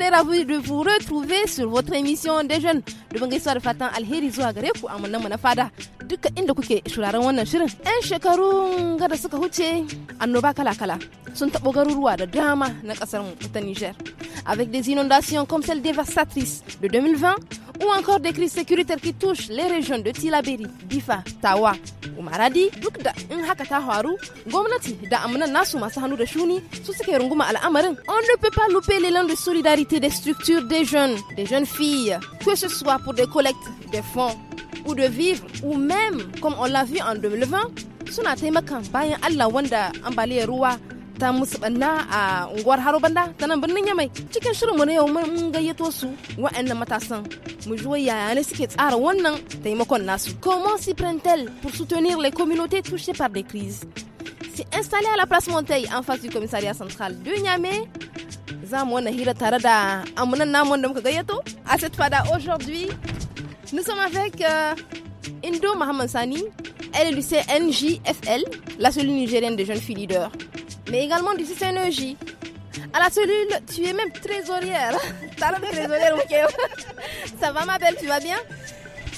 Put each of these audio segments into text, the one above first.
très ravie de vous retrouver sur votre émission des jeunes. de fatan Duka shirin. suka huce annoba kala-kala sun garuruwa da dama Niger. Avec des inondations comme celle dévastatrice de 2020, ou encore des crises sécuritaires qui touchent les régions de Tilaberi, Bifa, Tawa, ou Maradi, in da nasu masu hannu shuni su runguma On ne peut pas louper l'élan de solidarité des structures des jeunes, des jeunes filles, que ce soit pour des collectes de fonds ou de vivre, ou même comme on l'a vu en 2020, suna taimakan bayan Allah wanda ambali ruwa ta musu banna a unguwar haro banda ta nan birnin yamai cikin shirinmu na yau mun gayyato su wa'annan matasan mu ji yaya ne suke tsara wannan taimakon nasu comment s'y prennent-elles pour soutenir les communautés touchées par des crises c'est installé à la place Monteil en face du commissariat central de Niamey za mu wannan hira tare da amunan namu wanda muka gayyato a cette fada aujourd'hui nous sommes avec euh, Indo Mohamed Sani elle est du CNJFL, la seule nigérienne de jeunes filles leaders mais également du système À la cellule, tu es même trésorière. T'as l'air trésorière, ok. Ça va ma belle, tu vas bien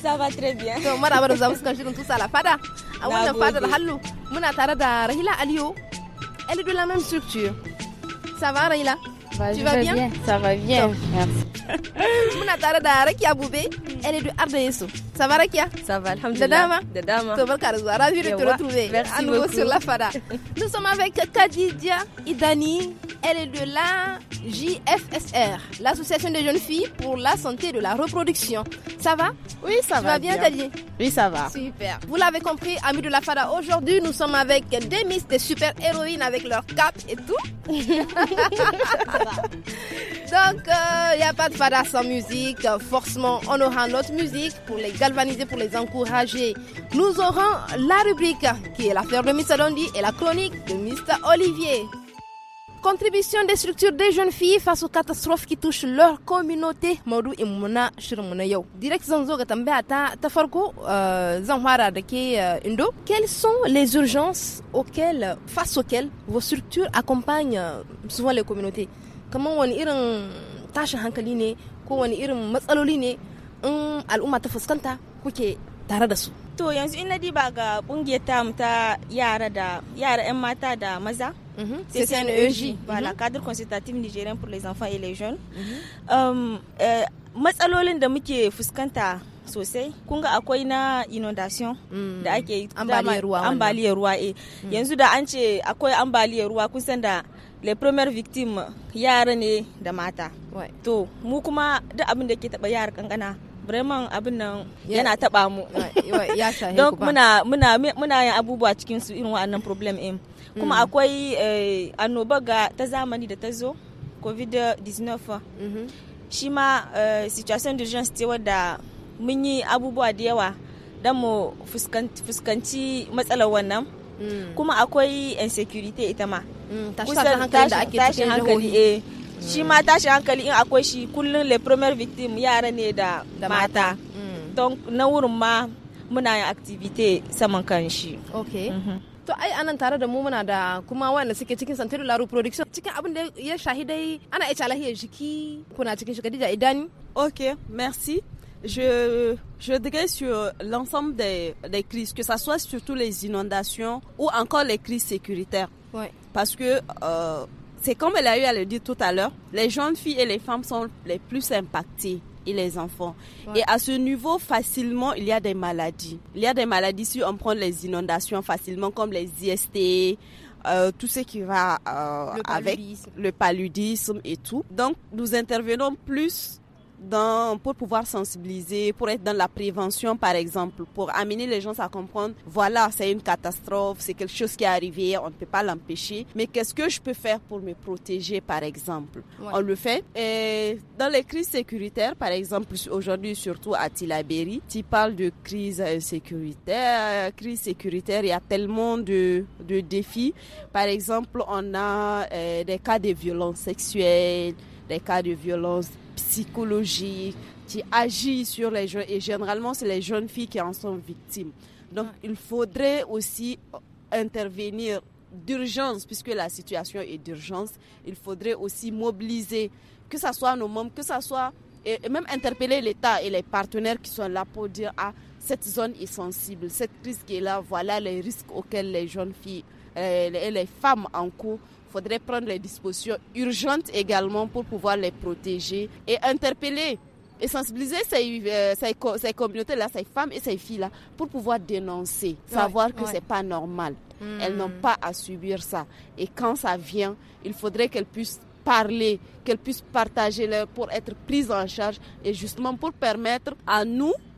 Ça va très bien. Donc, moi nous avons ce tous à la fada. À ah, la fada, Mon Rahila Alio. Elle est de la même structure. Ça va Rahila tu vas bien? Ça va bien. Merci. Mouna Tarada, da Rakia elle est de Arda Ça va Rakia? Ça va, alhamdulillah. Hein? Hein. De dama? De dama. ravi de te retrouver. à nouveau sur la Fada. Nous sommes avec Kadidia Idani, elle est de la JFSR, l'association des jeunes filles pour la santé de la reproduction. Ça va? Oui, ça va. Tu vas bien, Kadidia? Oui, ça va. Super. Vous l'avez compris, amis de la Fada, aujourd'hui nous sommes avec des miss, des super héroïnes avec leur cap et tout. Donc, il euh, n'y a pas de fada sans musique. Forcément, on aura notre musique pour les galvaniser, pour les encourager. Nous aurons la rubrique qui est l'affaire de Mr. Dondi et la chronique de Mr. Olivier. Contribution des structures des jeunes filles face aux catastrophes qui touchent leur communauté. Maudou et Mouna Direct Zanzo euh, euh, Quelles sont les urgences auxquelles, face auxquelles vos structures accompagnent souvent les communautés kamar wani irin tashin hankali ne ko wani irin matsaloli ne in al'umma ta fuskanta kuke tare da su to yanzu in na diba ga kungiyar tamu ta yara da yara 'yan mata da maza CCNOG ba la cadre consultatif nigérien pour les enfants et les jeunes mhm. um, eh, matsalolin da muke fuskanta sosai kun ga akwai na inundation mm. da ake ambaliyar ruwa ambaliyar ruwa eh mm. yanzu da an ce akwai ambaliyar ruwa kun san da le premier victime yara ne da mata to mu kuma duk abin da ke taba yara kankana bremen abin nan yana taba mu don muna muna muna yin abubuwa cikin su irin wa'annan problem ɗin eh. kuma mm. akwai eh, annoba ga ta zamani da ta zo covid-19 mm-hmm. shi ma eh, situation d'urgence ce wadda mun yi abubuwa da yawa don mu fuskanci matsalar wannan mm. kuma akwai insecurity ita ma mm, kusan tashin hankali eh shi ma mm. tashin hankali in akwai shi kullum le premier victim yara ne da mata don na wurin ma muna yin activity saman kan shi mhm. to ai anan tare da mu muna da kuma wanda suke cikin santiru laru production cikin abin da ya shahi dai ana iya lahiyar jiki kuna cikin shi dija idani ok merci Je, je dirais sur l'ensemble des, des, crises, que ce soit surtout les inondations ou encore les crises sécuritaires. Parce que euh, c'est comme elle a eu à le dire tout à l'heure, les jeunes filles et les femmes sont les plus impactées et les enfants. Et à ce niveau, facilement, il y a des maladies. Il y a des maladies si on prend les inondations facilement, comme les IST, euh, tout ce qui va euh, le avec le paludisme et tout. Donc, nous intervenons plus pour pouvoir sensibiliser, pour être dans la prévention, par exemple, pour amener les gens à comprendre, voilà, c'est une catastrophe, c'est quelque chose qui est arrivé, on ne peut pas l'empêcher, mais qu'est-ce que je peux faire pour me protéger, par exemple On le fait. Et dans les crises sécuritaires, par exemple, aujourd'hui, surtout à Tilaberi, tu parles de crise sécuritaire, crise sécuritaire, il y a tellement de, de défis. Par exemple, on a euh, des cas de violences sexuelles, des cas de violences psychologique, qui agit sur les jeunes. Et généralement, c'est les jeunes filles qui en sont victimes. Donc, il faudrait aussi intervenir d'urgence, puisque la situation est d'urgence. Il faudrait aussi mobiliser, que ce soit nos membres, que ce soit, et même interpeller l'État et les partenaires qui sont là pour dire, à ah, cette zone est sensible, cette crise qui est là, voilà les risques auxquels les jeunes filles euh, et les, femmes en cours faudrait prendre les dispositions urgentes également pour pouvoir les protéger et interpeller et sensibiliser ces, euh, ces, communautés-là, ces femmes et ces filles-là, pour pouvoir dénoncer, savoir que ce c'est pas normal. Hmm. Elles n'ont pas à subir ça. Et quand ça vient, il faudrait qu'elles puissent parler, qu'elles puissent partager pour être prises en charge et justement pour permettre à nous,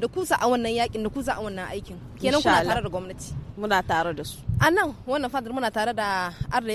da ku za a wannan yakin da ku za a wannan aikin kenan kuna tare da gwamnati muna tare da su a nan wannan fadar muna tare da arda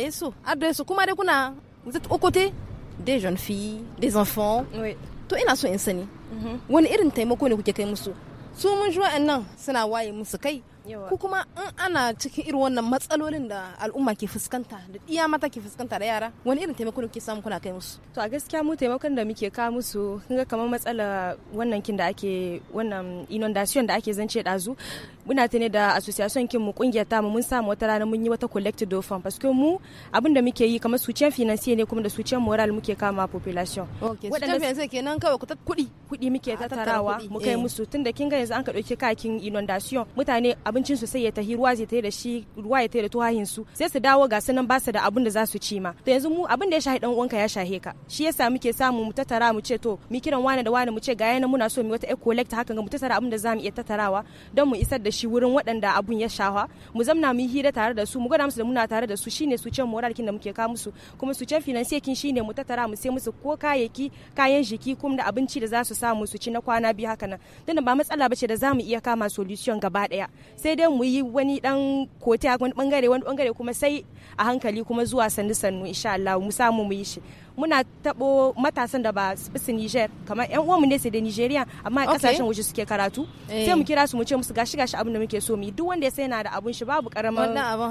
yesu kuma dai kuna vous êtes aux côtés des jeunes filles des enfants oui. to ina so in sani mhm. wani irin taimako ne kuke kai musu su mun ji nan suna waye musu kai ko kuma in ana cikin irin wannan matsalolin da al'umma ke fuskanta da iya mata ke fuskanta da yara wani irin taimako ne kuke samu kuna kai musu to a gaskiya mu taimakon da muke kawo musu kinga kamar matsala wannan kin da ake wannan inundation da ake zance dazu muna ne da association kin mu kungiyar ta mu mun samu wata rana mun yi wata collective dofan que mu abin da muke yi kamar suciyan financier ne kuma da suciyan moral muke kama population okay suciyan financier kenan kawai ku kuɗi kuɗi muke tattarawa mu kai eh. musu tunda kinga yanzu an ka dauki kakin inundation mutane abincin su sai ya tahi ruwa zai tahi da shi ruwa ya tahi da tuhahin su sai su dawo ga sanan ba su da abun da za su ci ma to yanzu mu abin da ya shahi dan uwanka ya shahe ka shi yasa muke samu mu tattara mu ce to mu kiran wani da wani mu ce ga yana muna so mu wata eco collect haka ga mu tattara abin da za mu iya tattarawa don mu isar da shi wurin waɗanda abun ya shafa mu zamna mu yi hira tare da su mu gwada musu da muna tare da su shine su can moral kin da muke ka musu kuma su can finance kin shine mu tattara mu sai musu ko kayayyaki kayan jiki kuma da abinci da za su samu su ci na kwana biyu haka nan tunda ba matsala bace da za mu iya kama solution gaba daya sai dai mu yi wani dan kota wani bangare wani bangare kuma sai a hankali kuma zuwa sannu sannu insha Allah mu samu mu yi shi muna tabo matasan da ba su Niger kamar yan uwanmu ne sai da Nigeria amma kasashen waje suke karatu eh. sai mu kira su mu ce musu gashi gashi abin da muke so mu duk wanda ya sai yana da abun shi babu karama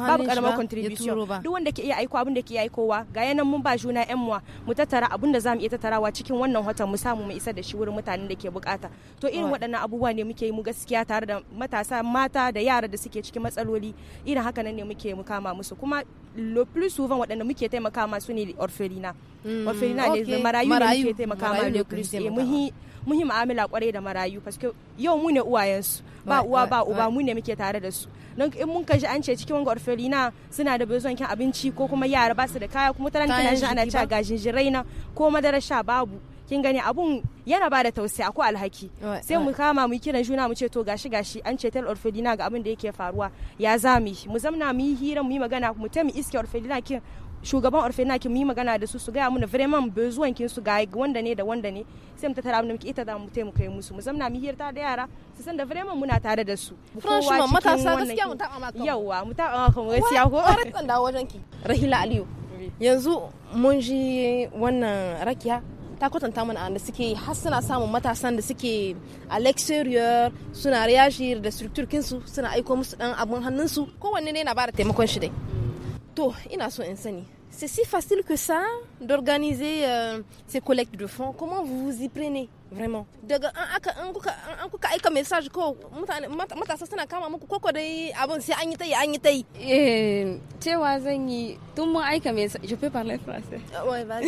babu karama contribution duk wanda ke iya aiko abin da ke iya aikowa ga yanan mun ba juna yan muwa mu tattara abin da zamu iya tattarawa cikin wannan watan mu samu mu isa da shi wurin mutanen da ke bukata to irin waɗannan abubuwa ne muke yi mu gaskiya tare da matasa mata da yara da suke cikin matsaloli irin haka nan ne muke mu kama musu kuma le plus souvent waɗanda muke taimaka masu ne orfelina. Mm. wa mm, filina ne marayu ne ma kwarai da marayu yau mu ne uwayensu ba uwa ba uba mu ne muke tare da su don in mun kaji an ce cikin wanga orfelina suna da bezon kin abinci ko kuma yara ba su da kaya kuma taran kina shi ana cewa gajin jirai na ko madara sha babu kin gani abun yana ba da tausayi ko alhaki sai mu kama mu kiran juna mu ce to gashi gashi an ce tal orfelina ga abin da yake faruwa ya zami mu zamna mu yi hira mu yi magana mu ta mu iske orfelina kin shugaban orphanage mu yi magana da su su gaya mana vraiment besoin kin su gaya wanda ne da wanda ne sai mu tattara mu muke ita da mu taimaka kai musu mu zamna mu hirta da yara su san da vraiment muna tare da su franchement matasa gaskiya mu taɓa maka yawa mu taɓa maka gaskiya ko ƙarar da wajen ki rahila aliyu yanzu mun ji wannan rakiya ta kwatanta mana da suke har suna samun matasan da suke a l'exterior suna riyashi da su suna aiko musu dan abun hannunsu kowanne ne na da taimakon shi dai to ina so in sani c'est si facile que ça d'organiser euh, ces collectes de fonds. Comment vous vous y prenez vraiment je peux parler français ah vas-y vas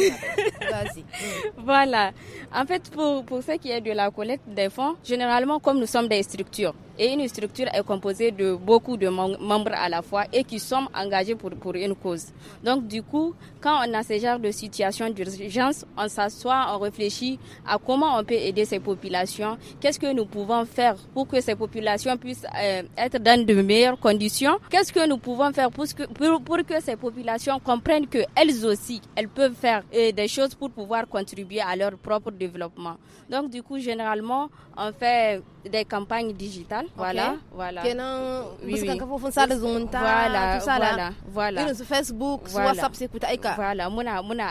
voilà en fait pour pour ce qui est de la collecte des fonds généralement comme nous sommes des structures et une structure est composée de beaucoup de membres à la fois et qui sont engagés pour, une cause. Donc du coup, quand on a ce genre de situation d'urgence, on s'assoit, on réfléchit à comment on peut aider ces populations, qu'est-ce que nous pouvons faire pour que ces populations puissent euh, être dans de meilleures conditions, qu'est-ce que nous pouvons faire pour que, pour, que ces populations comprennent qu'elles aussi, elles peuvent faire euh, des choses pour pouvoir contribuer à leur propre développement. Donc du coup, généralement, on fait des campagnes digitales. Voilà, voilà. Oui, oui. Voilà, voilà, voilà. Facebook, sur WhatsApp, c'est Voilà, muna, muna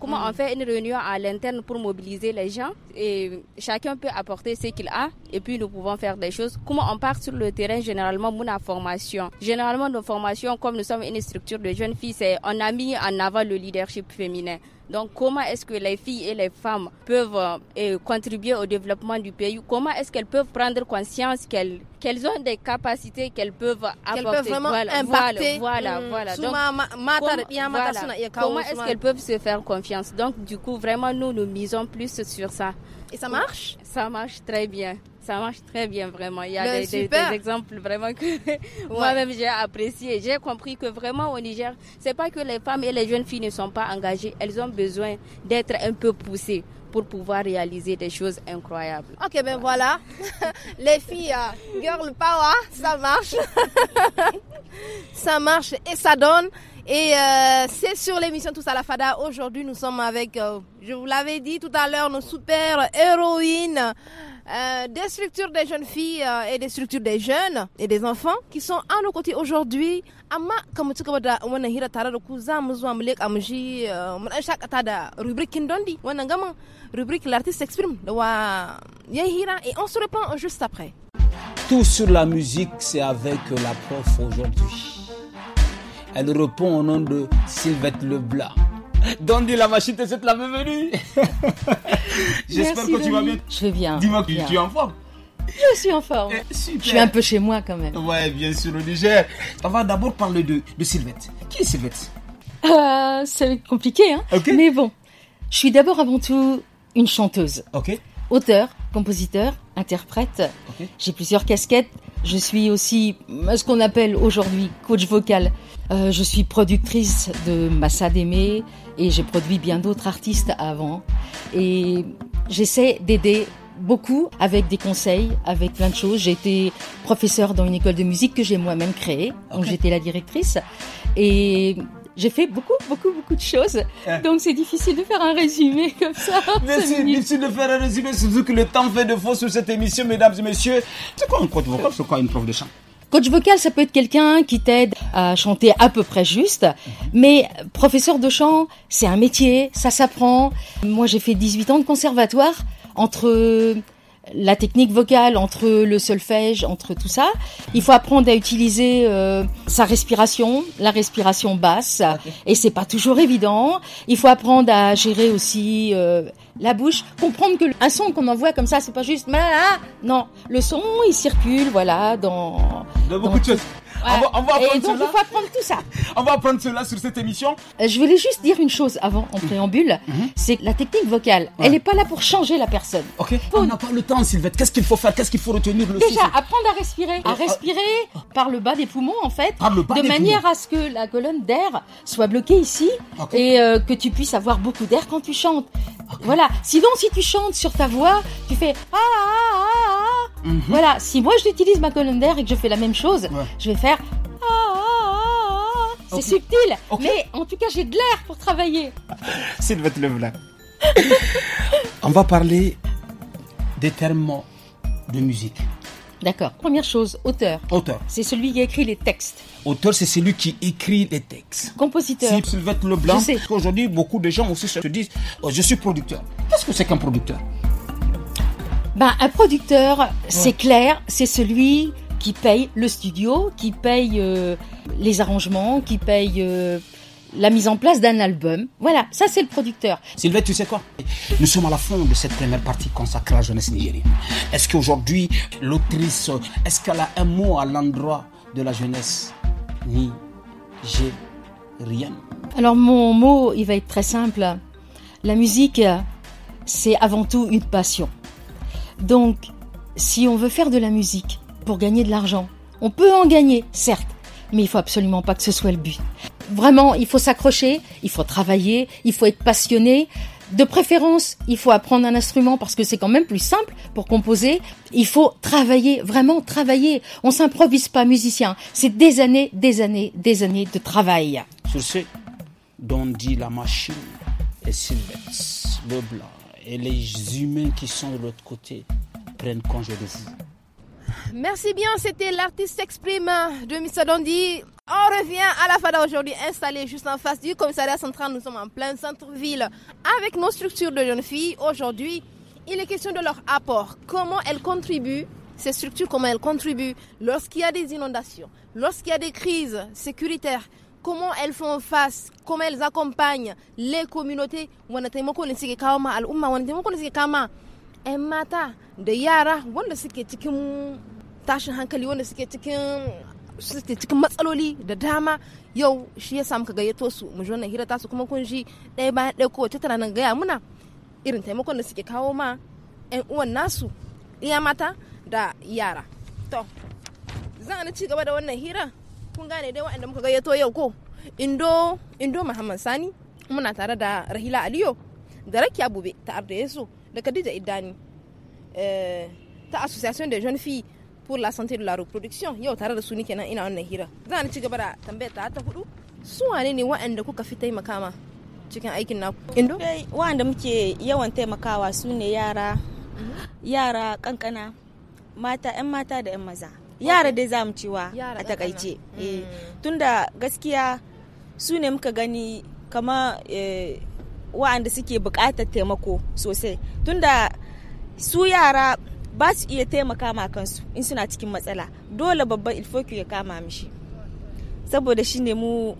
Comment mm. on fait une réunion à l'interne pour mobiliser les gens et chacun peut apporter ce qu'il a et puis nous pouvons faire des choses. Comment on part sur le terrain généralement muna formation. Généralement nos formations comme nous sommes une structure de jeunes filles, on a mis en avant le leadership féminin. Donc comment est-ce que les filles et les femmes peuvent euh, contribuer au développement du pays Comment est-ce qu'elles peuvent prendre conscience qu'elles ont des capacités qu'elles peuvent apporter peuvent vraiment voilà, impacter. voilà, Comment est-ce qu'elles peuvent se faire confiance Donc du coup, vraiment, nous, nous misons plus sur ça. Et ça marche Ça marche très bien ça marche très bien vraiment. Il y a ben, des, exemples vraiment que moi-même j'ai apprécié. J'ai compris que vraiment au Niger, c'est pas que les femmes et les jeunes filles ne sont pas engagées, elles ont besoin d'être un peu poussées pour pouvoir réaliser des choses incroyables. Ok, ben voilà. les filles, euh, girl power, ça marche. ça marche et ça donne. Et euh, c'est sur l'émission Tous à la Fada. Aujourd'hui, nous sommes avec, euh, je vous l'avais dit tout à l'heure, nos super héroïnes euh, des structures des jeunes filles et des structures des jeunes et des enfants qui sont à nos côtés aujourd'hui. rubrique l'artiste s'exprime et on se reprend juste après. Tout sur la musique, c'est avec la prof aujourd'hui. Elle répond au nom de Sylvette Leblanc. Dandy, la machine te souhaite la bienvenue. J'espère que tu vas bien. Je vais Dis-moi que tu es en forme. Je suis en forme. Eh, super. Je suis un peu chez moi quand même. Ouais, bien sûr, Niger. On va d'abord parler de, Sylvette. Qui est Sylvette euh, C'est compliqué, hein. Mais bon, je suis d'abord avant tout une chanteuse. Ok. Auteur, compositeur, interprète. J'ai plusieurs casquettes. Je suis aussi euh, ce qu'on appelle aujourd'hui coach vocal. Euh, je suis productrice de Massa Aimé et j'ai produit bien d'autres artistes avant. Et j'essaie d'aider beaucoup avec des conseils, avec plein de choses. J'ai été professeure dans une école de musique que j'ai moi-même créée, donc j'étais la directrice. Et j'ai fait beaucoup, beaucoup, beaucoup de choses. Donc c'est difficile de faire un résumé comme ça. c'est difficile de faire un résumé, surtout que le temps fait de faux sur cette émission, mesdames et messieurs. C'est quoi un coach vocal C'est quoi une prof de chant Coach vocal, ça peut être quelqu'un qui t'aide à chanter à peu près juste. Mhm. Mais professeur de chant, c'est un métier, ça s'apprend. Moi, j'ai fait 18 ans de conservatoire entre la technique vocale, entre le solfège, entre tout ça. Il faut apprendre à utiliser euh, sa respiration, la respiration basse, et c'est pas toujours évident. Il faut apprendre à gérer aussi euh, la bouche, comprendre que un son qu'on envoie comme ça, c'est pas juste ah, non, le son il circule, voilà, dans dans beaucoup de choses. On va, on et donc, cela. on va tout ça. on va prendre cela sur cette émission. Euh, je voulais juste dire une chose avant, en préambule. Mhm. Mhm. c'est que C'est la technique vocale. Elle n'est pas là pour changer la personne. On n'a pas le temps, Sylvette. Qu'est-ce qu'il faut faire Qu'est-ce qu'il faut retenir le Déjà, apprendre à respirer. À euh, euh, respirer par le bas des poumons, en fait. de manière à ce que la colonne d'air soit bloquée ici et que tu puisses avoir beaucoup d'air quand tu chantes. Voilà. Sinon, si tu chantes sur ta voix, tu fais ah, ah, ah, ah mhm. Voilà. Si moi j'utilise ma colonne d'air et que je fais la même chose, je vais faire ah C'est subtil, mais en tout cas j'ai de l'air pour travailler. C'est de votre là. On va parler des termes de musique. D'accord. Première chose, auteur. Auteur. C'est celui qui écrit les textes. Auteur, c'est celui qui écrit les textes. Compositeur. Sylvette Leblanc. Aujourd'hui, beaucoup de gens aussi se disent oh, Je suis producteur. Qu'est-ce que c'est qu'un producteur ben, Un producteur, c'est clair, c'est celui qui paye le studio, qui paye euh, les arrangements, qui paye euh, la mise en place d'un album. Voilà, ça c'est le producteur. Sylvette, tu sais quoi Nous sommes à la fin de cette première partie consacrée à la jeunesse nigérienne. Est-ce qu'aujourd'hui, l'autrice, est-ce qu'elle a un mot à l'endroit de la jeunesse nigérienne Alors mon mot, il va être très simple. La musique, c'est avant tout une passion. Donc, si on veut faire de la musique pour gagner de l'argent, on peut en gagner, certes, mais il faut absolument pas que ce soit le but. Vraiment, il faut s'accrocher, il faut travailler, il faut être passionné. De préférence, il faut apprendre un instrument parce que c'est quand même plus simple pour composer. Il faut travailler, vraiment travailler. On s'improvise pas musicien. C'est des années, des années, des années de travail. Sur ce dont dit la machine et Silvestre le blanc et les humains qui sont de l'autre côté prennent congé de vous. Merci bien, c'était l'artiste exprime de Dondi. On revient à la FADA aujourd'hui installée juste en face du commissariat central. Nous sommes en plein centre-ville avec nos structures de jeunes filles. Aujourd'hui, il est question de leur apport. Comment elles contribuent, ces structures, comment elles contribuent lorsqu'il y a des inondations, lorsqu'il y a des crises sécuritaires, comment elles font face, comment elles accompagnent les communautés. 'yan mata da yara wanda suke cikin tashin hankali wanda suke cikin suke cikin matsaloli da dama yau shi ya samu ka gayyato su mu wannan hira tasu kuma kun shi ɗaya bayan ɗaya kowace tana nan gaya muna irin taimakon da suke kawo ma 'yan uwan nasu iya mata da yara to zan ci gaba da wannan hira kun gane dai waɗanda muka gayyato yau ko indo indo muhammad sani muna tare da rahila aliyo da rakiya bube ta arda yesu da Khadija Idani euh, ta Association des Jeunes Filles pour la Santé de la Reproduction yau tare da su nike nan ina wannan hira. Za ni ci gaba da tambayar ta ta hudu su wane ne waɗanda kuka fi taimaka cikin aikin naku? Indo? Waɗanda muke yawan taimakawa su ne yara yara kankana mata 'yan mata da 'yan maza. Yara dai za mu cewa a takaice. Eh, mm. Tunda gaskiya su ne muka gani kama eh, wa'anda suke buƙatar taimako sosai tunda su yara ba su iya taimaka ma kansu in suna cikin matsala dole babban ilfoki ya kama mishi saboda shi ne mu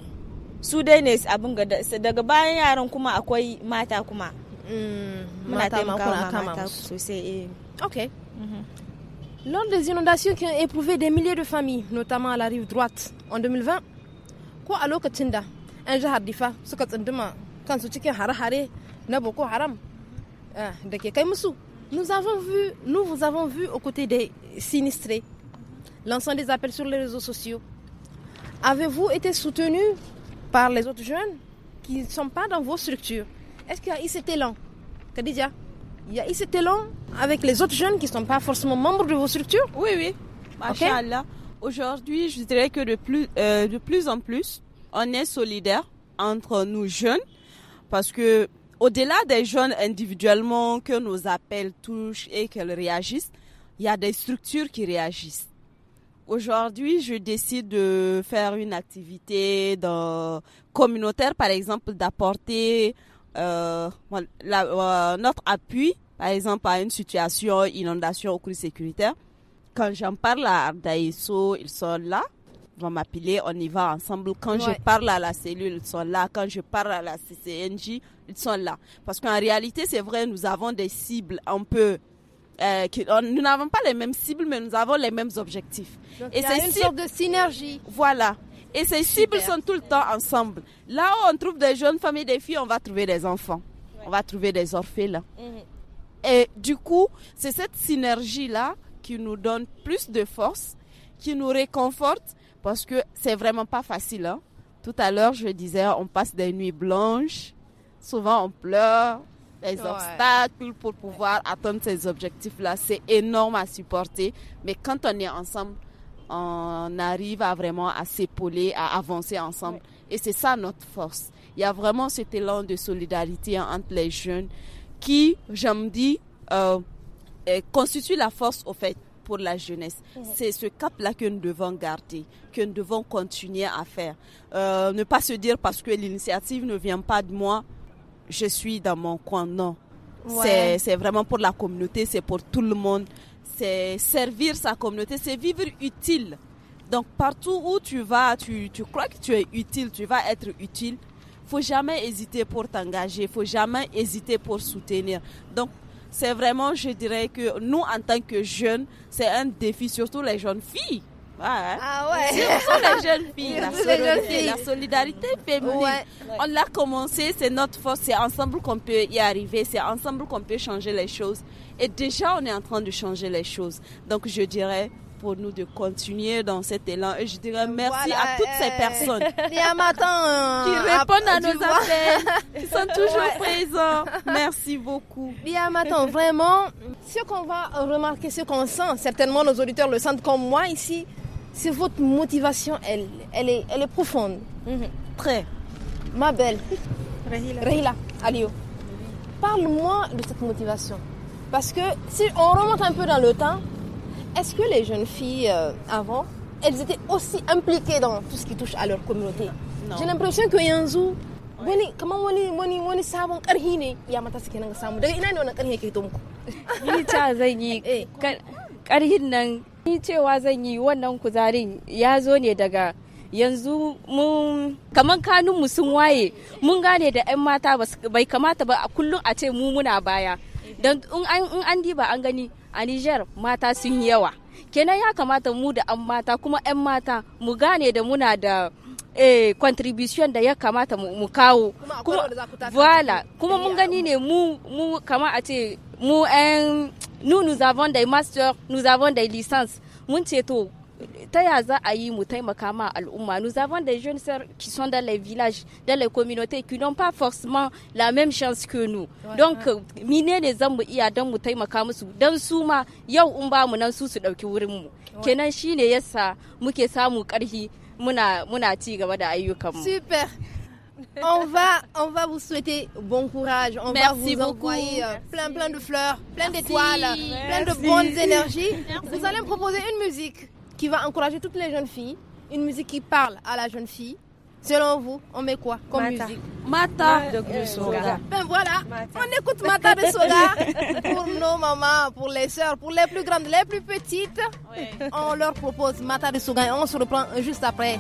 su dai ne abin daga bayan yaran kuma akwai mata kuma mm, muna taimaka ma mata sosai eh. ok mhm. L'un des inondations qui ont éprouvé des milliers de familles, notamment à la rive droite, en 2020, ko a lokacin da 'yan jihar difa suka tsunduma na Haram eh, Nous avons vu, nous vous avons vu aux côtés des sinistrés, lançant des appels sur les réseaux sociaux. Avez-vous été soutenu par les autres jeunes qui ne sont pas dans vos structures Est-ce qu'il y a eu cet élan il y a avec les autres jeunes qui ne sont pas forcément membres de vos structures Oui, oui. Aujourd'hui, je dirais que de plus, euh, de plus en plus, on est solidaire entre nous jeunes parce que au-delà des jeunes individuellement que nos appels touchent et qu'elles réagissent, il y a des structures qui réagissent. Aujourd'hui, je décide de faire une activité dans, communautaire, par exemple, d'apporter euh, euh, notre appui, par exemple, à une situation, inondation ou crise sécuritaire. Quand j'en parle à Ardaïso, ils sont là vont m'appeler, on y va ensemble. Quand je parle à la cellule, ils sont là. Quand je parle à la CNJ, ils sont là. Parce qu'en réalité, c'est vrai, nous avons des cibles un peu... Euh, nous n'avons pas les mêmes cibles, mais nous avons les mêmes objectifs. Et il une sorte de synergie. Voilà. Et ces cibles sont tout le temps ensemble. Là où on trouve des jeunes familles, des filles, on va trouver des enfants. On va trouver des orphelins. Mhm. Et du coup, c'est cette synergie-là qui nous donne plus de force, qui nous réconforte parce que c'est vraiment pas facile. Hein. Tout à l'heure, je disais, on passe des nuits blanches, souvent on pleure, les obstacles pour pouvoir atteindre ces objectifs-là, c'est énorme à supporter. Mais quand on est ensemble, on arrive à vraiment à s'épauler, à avancer ensemble. Et c'est ça notre force. Il y a vraiment cet élan de solidarité entre les jeunes qui, je me dis, euh, constitue la force au fait pour la jeunesse. Mhm. C'est ce cap-là que nous devons garder, que nous devons continuer à faire. Euh, ne pas se dire parce que l'initiative ne vient pas de moi, je suis dans mon coin. Non. C'est vraiment pour la communauté, c'est pour tout le monde. C'est servir sa communauté, c'est vivre utile. Donc partout où tu vas, tu, tu crois que tu es utile, tu vas être utile faut jamais hésiter pour t'engager, faut jamais hésiter pour soutenir. Donc c'est vraiment, je dirais que nous, en tant que jeunes, c'est un défi, surtout les jeunes filles. Hein. Ah ouais. Surtout les jeunes filles, la solidarité, la solidarité féminine. On l'a commencé, c'est notre force, c'est ensemble qu'on peut y arriver, c'est ensemble qu'on peut changer les choses. Et déjà, on est en train de changer les choses. Donc, je dirais, pour nous de continuer dans cet élan. Et je dirais merci à toutes ces eh. personnes matin, qui euh, répondent à, nos appels, qui sont toujours présents. Merci beaucoup. Bien matin, vraiment, ce qu'on va remarquer, ce qu'on sent, certainement nos auditeurs le sentent comme moi ici, c'est votre motivation, elle, elle, est, elle est profonde. Mhm. Très. Ma belle. Rahila. Rahila, Alio. Parle-moi de cette motivation. Parce que si on remonte un peu dans le temps, est-ce que les jeunes filles euh, avant, elles étaient aussi impliquées dans tout ce qui touche à leur communauté J'ai l'impression que yanzu wani kamar wani wani wani sabon karhi ne ya mata suke nan samu daga ina ne wannan karhi yake muku ni ta zan yi eh. karhin nan ni cewa zan yi wannan kuzarin ya zo ne daga yanzu mun kanun mu sun waye mun gane da 'yan mata bai kamata ba a kullum a ce mu muna baya dan in an diba an gani a Nijar mata sun yi yawa kenan ya kamata mu da an mata kuma 'yan mata mu gane da muna da eh, contribution da ya kamata mu kawo kuma voila kuma mun gani ne mu mu kama a ce mu nous nous avons des masters nous avons des licences mun ce to Nous avons des jeunes sœurs qui sont dans les villages, dans les communautés, qui n'ont pas forcément la même chance que nous. Donc, mine ne zan mu iya don mu taimaka musu, don su ma yau in ba mu nan su su wurin mu Kenan shine yasa muke samu karfi muna, muna ci gaba da mu Super! on va, on va vous souhaiter bon courage. On Merci va vous beaucoup. envoyer euh, plein, plein de fleurs, plein d'étoiles, plein de bonnes énergies. Merci. Vous allez me proposer une musique qui va encourager toutes les jeunes filles, une musique qui parle à la jeune fille. Selon vous, on met quoi comme musique Mata de euh, Soga. Ben voilà, on écoute Mata de Soga pour nos mamans, pour les soeurs, pour les plus grandes, les plus petites. On leur propose Mata de Soga et on se reprend juste après.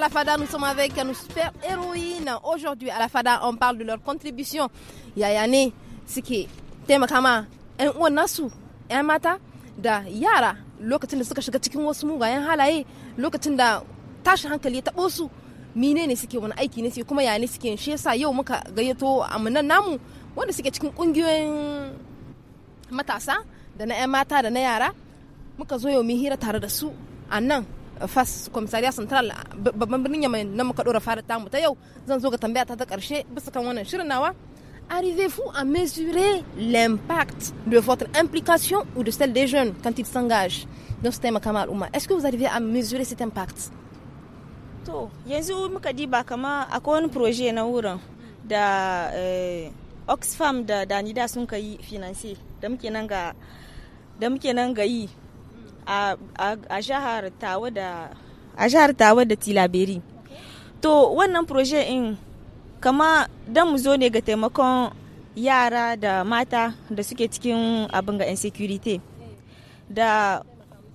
à la FADA, nous sommes avec nos super héroïnes. Aujourd'hui, à la FADA, on parle de leur contribution. Yayane, Siki, Temakama, ‘yan uwan nasu, mata da yara lokacin da suka shiga cikin wasu mugayen halaye lokacin da tashin hankali ya taɓo su mine ne suke wani aiki ne suke kuma yane suke shi yasa yau muka gayyato amunan namu wanda suke cikin ƙungiyoyin matasa da na ‘yan mata da na yara muka zo yau mu hira tare da su a nan fas kwamsariya central babban birnin yamai na muka dora fara tamu ta yau zan zo ga tambaya ta ta karshe bisa kan wannan shirin nawa arrivez-vous à mesurer l'impact de votre implication ou de celle des jeunes quand ils s'engagent dans ce thème Ouma Est-ce que vous arrivez à mesurer cet impact To, yanzu muka diba kama akwai wani proje na wurin da eh, Oxfam da Danida sun ka yi ga da muke nan ga yi a jihar tawa da a jihar tawa da tilaberi to wannan proje in kama don mu zo ne ga taimakon yara da mata da suke cikin abin ga insecurity da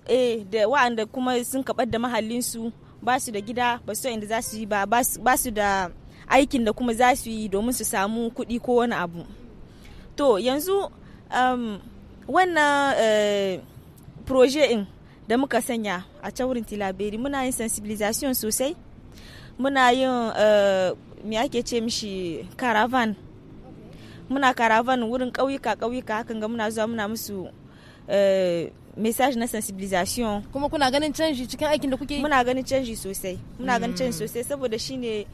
e da wa'anda kuma sun kabar da mahallinsu ba su da gida ba su inda za su yi ba ba su da aikin da kuma za su yi domin su samu kuɗi ko wani abu to yanzu um, wannan eh, proje in da muka sanya a caurin tilaberi muna yin sensibilisation sosai muna yin eh, me ake ce mishi caravan muna caravan wurin ƙauyuka ƙauyuka hakan ga muna zuwa muna musu eh, message na sensibilisation kuma kuna ganin canji cikin aikin da kuke muna ganin canji sosai muna ganin hmm. canji sosai saboda shine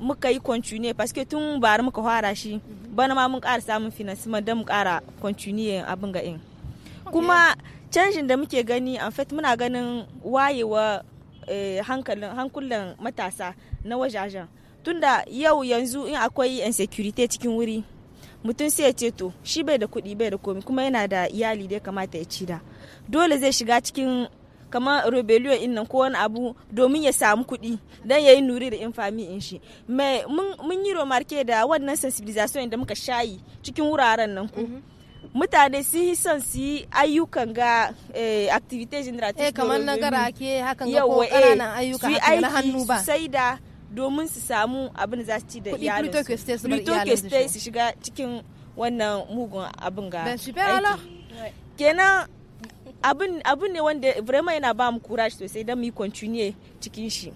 muka yi continue paske tun bari muka fara shi hmm. bana ma mun kara samun finance don mu kara continue abin ga in kuma okay. canjin da muke gani in fact muna ganin wayewa eh, hankalin hankulan matasa na wajajen tunda yau yanzu in akwai insecurity cikin wuri mutum sai ya ce to shi bai da kuɗi bai da komi kuma yana da iyali da ya kamata ya ci da dole zai shiga cikin kamar rebellion in nan ko wani abu domin ya samu kuɗi don ya yi nuri da infami in shi mun yi romarke da wannan sensibilization da muka shayi cikin wuraren nan ko mutane sun yi son su yi ayyukan ga eh, activities generative eh kamar na gara hakan ga ko eh, ƙananan ayyuka na hannu ba sai da domin su samu abin za su ci da iyalin su pluto ke stay su shiga cikin wannan mugun abin ga kenan abin abin ne wanda vraiment yana ba mu courage sosai don mu continue cikin shi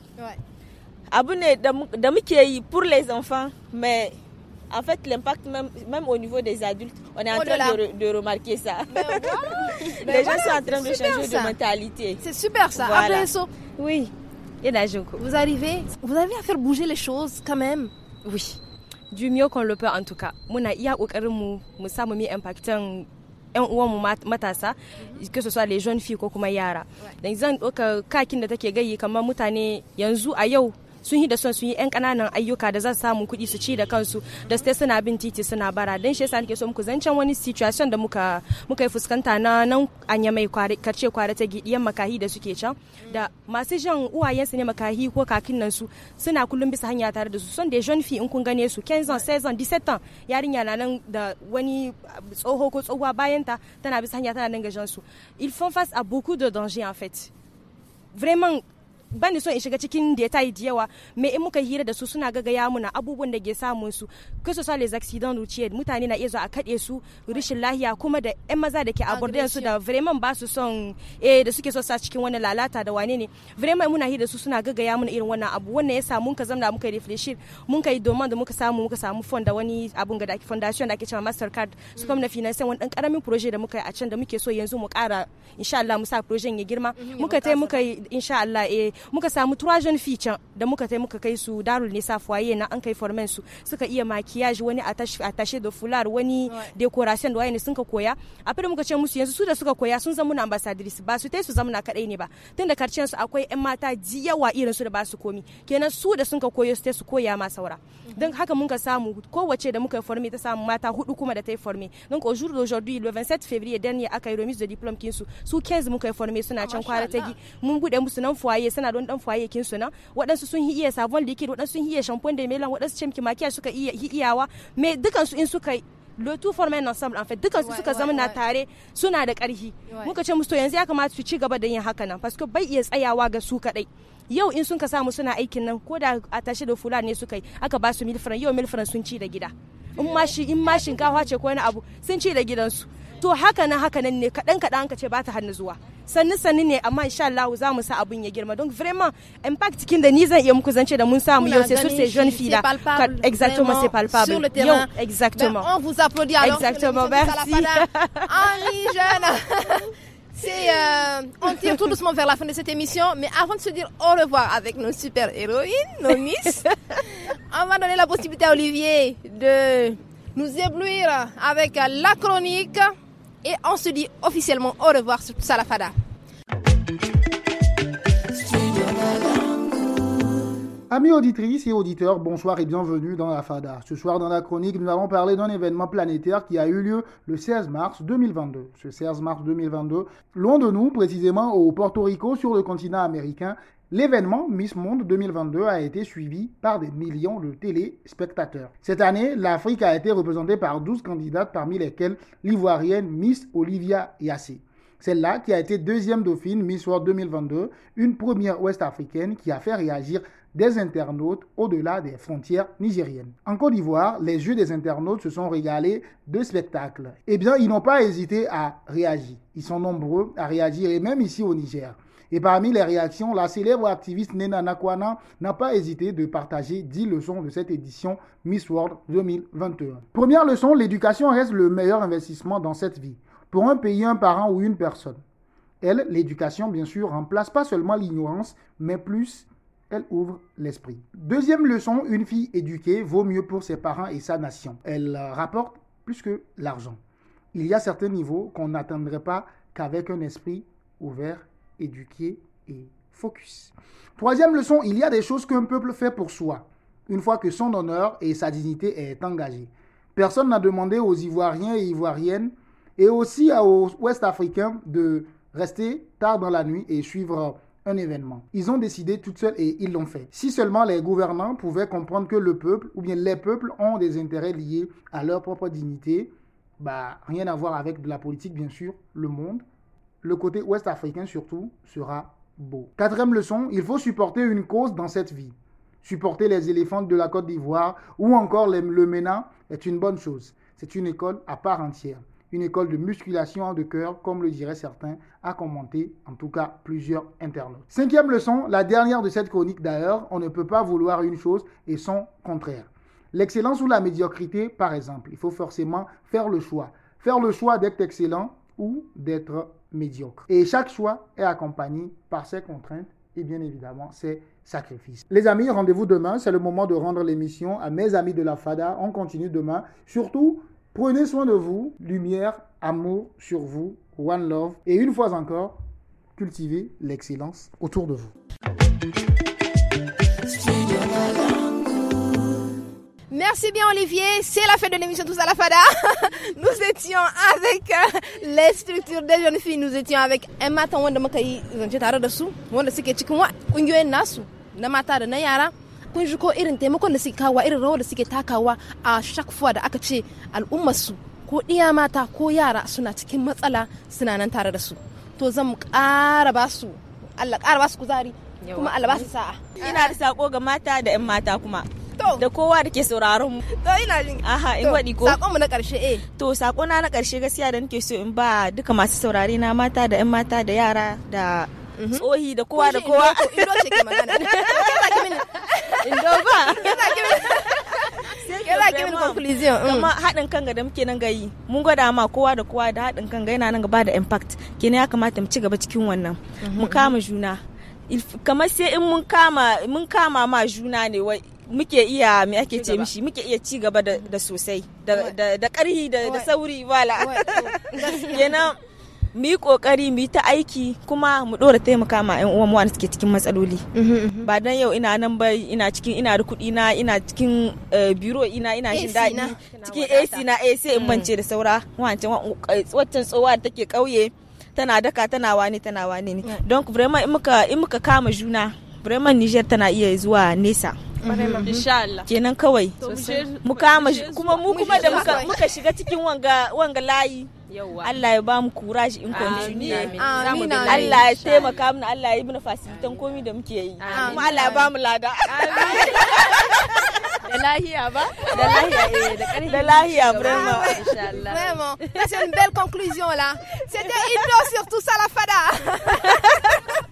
abu ne da muke yi pour les enfants mais en fait, l'impact, même, même au niveau des adultes, on est en train de, de, remarquer ça. les gens sont en train de changer de mentalité. C'est super ça. Voilà. Après, ça, Oui. Et là, vous arrivez, vous arrivez à faire bouger les choses quand même. Oui. Du mieux qu'on le peut en tout cas. Muna iya kokarin mu mu samu mi en yan uwanmu matasa mhm. que ce soit les jeunes filles ko kuma yara. Donc ont, ɗauka kakin da take gayi kamar mutane yanzu a yau sun yi da son su yi yan kananan ayyuka da zan samu kuɗi su ci da kansu da sai suna bin titi suna bara dan shi yasa nake so muku zancen wani situation da muka muka yi fuskanta na nan anya mai kware karce kware ta gidiyan makahi da suke can da masu jan su ne makahi ko kakin nan su suna kullum bisa hanya tare da su son da jeune fille in kun gane su 15 ans 16 ans 17 ans yarinya na nan da wani tsoho ko tsohuwa bayan ta tana bisa hanya tana nan ga jan su il font face à beaucoup de danger en fait vraiment bani so in shiga cikin detail da yawa me in muka hira da su suna gagaya muna abubuwan da ke samun su kisu sale accident routier mutane na iya zuwa a kade su rishin lahiya kuma da yan maza da ke abordan su da vraiment ba su son eh da suke so sa cikin wani lalata da wane ne vraiment muna hira da su suna gagaya muna irin wannan abu wannan yasa mun ka zamna muka refresh mun ka yi domin da muka samu muka samu fund da wani abun ga daki foundation da ake cewa mastercard su kuma na finance wani dan karamin project da muka yi a can da muke so yanzu mu kara insha Allah mu sa project ya girma muka tai muka yi insha Allah eh muka samu trois jeunes filles da muka tai muka kai su darul nisa foyer na an kai formen su suka iya makiyaji wani attaché de fular wani decoration da wayene sun ka koya a muka ce musu yanzu su da suka koya sun zama na ambassadrice ba su tai su zama kadai ne ba tunda karshen su akwai yan mata jiyawa irin su da ba su komi kenan su da sun ka koyo su tai su koya ma saura don haka mun ka samu kowace da muka yi forme ta samu mata hudu kuma da ta yi forme don ko jour d'aujourd'hui le 27 février dernier aka yi remise de diplôme kin su su 15 muka yi forme suna can kwara ta gi mun bude musu nan foyer suna don dan foyer kin su nan waɗansu sun iya savon liquide waɗansu sun iya shampoo da melan waɗansu chemki makiya suka iya iyawa me dukan su in suka le tout formé un ensemble en fait dukan su suka zama na tare suna da ƙarfi muka ce musu to yanzu ya kamata su ci gaba da yin haka nan parce que bai iya tsayawa ga su kadai yau in sun ka samu suna aikin nan ko da a tashi da fula ne suka yi aka ba su milfran yau milfran sun ci da gida in mashi in ma shinkafa ce ko wani abu sun ci da gidansu to haka nan haka nan ne kaɗan kaɗan ka ce ba ta hannu zuwa sannu sannu ne amma insha Allah za mu sa abun ya girma donc vraiment impact kin da ni zan iya muku zance da mun samu yau c'est sur ces jeunes filles là exactement c'est palpable sur le terrain exactement on vous applaudit alors exactement merci Henri jeune Euh, on tire tout doucement vers la fin de cette émission, mais avant de se dire au revoir avec nos super héroïnes, nos Miss, on va donner la possibilité à Olivier de nous éblouir avec la chronique et on se dit officiellement au revoir sur Salafada. Amis auditrices et auditeurs, bonsoir et bienvenue dans la FADA. Ce soir dans la chronique, nous allons parler d'un événement planétaire qui a eu lieu le 16 mars 2022. Ce 16 mars 2022, loin de nous, précisément au Porto Rico sur le continent américain, L'événement Miss Monde 2022 a été suivi par des millions de téléspectateurs. Cette année, l'Afrique a été représentée par 12 candidates parmi lesquelles l'ivoirienne Miss Olivia Yassé. Celle-là qui a été deuxième dauphine Miss World 2022, une première ouest-africaine qui a fait réagir des internautes au-delà des frontières nigériennes. En Côte d'Ivoire, les yeux des internautes se sont régalés de spectacles. Eh bien, ils n'ont pas hésité à réagir. Ils sont nombreux à réagir, et même ici au Niger. Et parmi les réactions, la célèbre activiste Nena Nakwana n'a pas hésité de partager 10 leçons de cette édition Miss World 2021. Première leçon, l'éducation reste le meilleur investissement dans cette vie pour un pays, un parent ou une personne. Elle, l'éducation, bien sûr, remplace pas seulement l'ignorance, mais plus elle ouvre l'esprit. Deuxième leçon, une fille éduquée vaut mieux pour ses parents et sa nation. Elle euh, rapporte plus que l'argent. Il y a certains niveaux qu'on n'atteindrait pas qu'avec un esprit ouvert, éduqué et focus. Troisième leçon, il y a des choses qu'un peuple fait pour soi, une fois que son honneur et sa dignité est engagée. Personne n'a demandé aux Ivoiriens et Ivoiriennes et aussi euh, aux Ouest-Africains de rester tard dans la nuit et suivre euh, un événement. Ils ont décidé tout seuls et ils l'ont fait. Si seulement les gouvernants pouvaient comprendre que le peuple ou bien les peuples ont des intérêts liés à leur propre dignité, bah rien à voir avec de la politique bien sûr, le monde, le côté ouest africain surtout sera beau. Quatrième leçon, il faut supporter une cause dans cette vie. Supporter les éléphants de la Côte d'Ivoire ou encore le MENA est une bonne chose. C'est une école à part entière une école de musculation de cœur, comme le diraient certains, a commenté en tout cas plusieurs internautes. Cinquième leçon, la dernière de cette chronique d'ailleurs, on ne peut pas vouloir une chose et son contraire. L'excellence ou la médiocrité, par exemple, il faut forcément faire le choix. Faire le choix d'être excellent ou d'être médiocre. Et chaque choix est accompagné par ses contraintes et bien évidemment ses sacrifices. Les amis, rendez-vous demain. C'est le moment de rendre l'émission à mes amis de la FADA. On continue demain. Surtout, Prenez soin de vous, lumière, amour sur vous, one love, et une fois encore, cultivez l'excellence autour de vous. Merci bien Olivier, c'est la fin de l'émission Tous à la Fada. Nous étions avec euh, les structures des jeunes filles, nous étions avec Emma matin Makai, Zanjitara Dasu, Wanda Sikechikwa, Unyo Nasu, Namatara Nayara. kun shi ko irin taimakon da suke kawa irin rawar da suke takawa a shakfuwa da aka ce al'ummarsu ko ɗiya mata ko yara suna cikin matsala suna nan tare da su to zan ƙara ba su Allah ƙara ba su kuzari kuma Allah ba su sa'a ina da sako ga mata da 'yan mata kuma da kowa da ke sauraron mu to ina jin aha in gwadi ko sakon mu na karshe eh to sako na na karshe gaskiya da nake so in ba duka masu saurare na mata da 'yan mata da yara da Mm-hmm. tsohi da kowa da kowa haɗin kan da muke nan gayi mun gwada ma kowa gaba da impact kenan ya kamata mu ci gaba cikin wannan mm-hmm, mu mm-hmm. sai in mun kama mun juna ne wai iya me ake ce mishi muke iya ci gaba da sosai da karhi da sauri wala mu yi kokari mu yi ta aiki kuma mu dora taimaka ma yan uwan wani suke cikin matsaloli mhm, mhm. ba dan yau ina nan ba ina cikin ina da kuɗi na ina cikin eh, biro ina ina shi daɗi cikin AC na AC in bance mm. da saura wancan eh, waccan tsowa da take kauye tana daka tana wani tana wani ne mm. don vraiment in muka in muka kama juna vraiment Niger tana iya zuwa nesa kenan kawai mu kama kuma mu kuma da muka shiga cikin wanga layi Allah ya ba mu courage in continue Allah ya taimaka mana Allah ya mana fasilitan komai da muke yi kuma Allah ya ba mu lada da lahiya ba da lahiya eh da ƙarfi da lahiya vraiment inshallah vraiment c'est une belle conclusion là c'était une sur tout ça la fada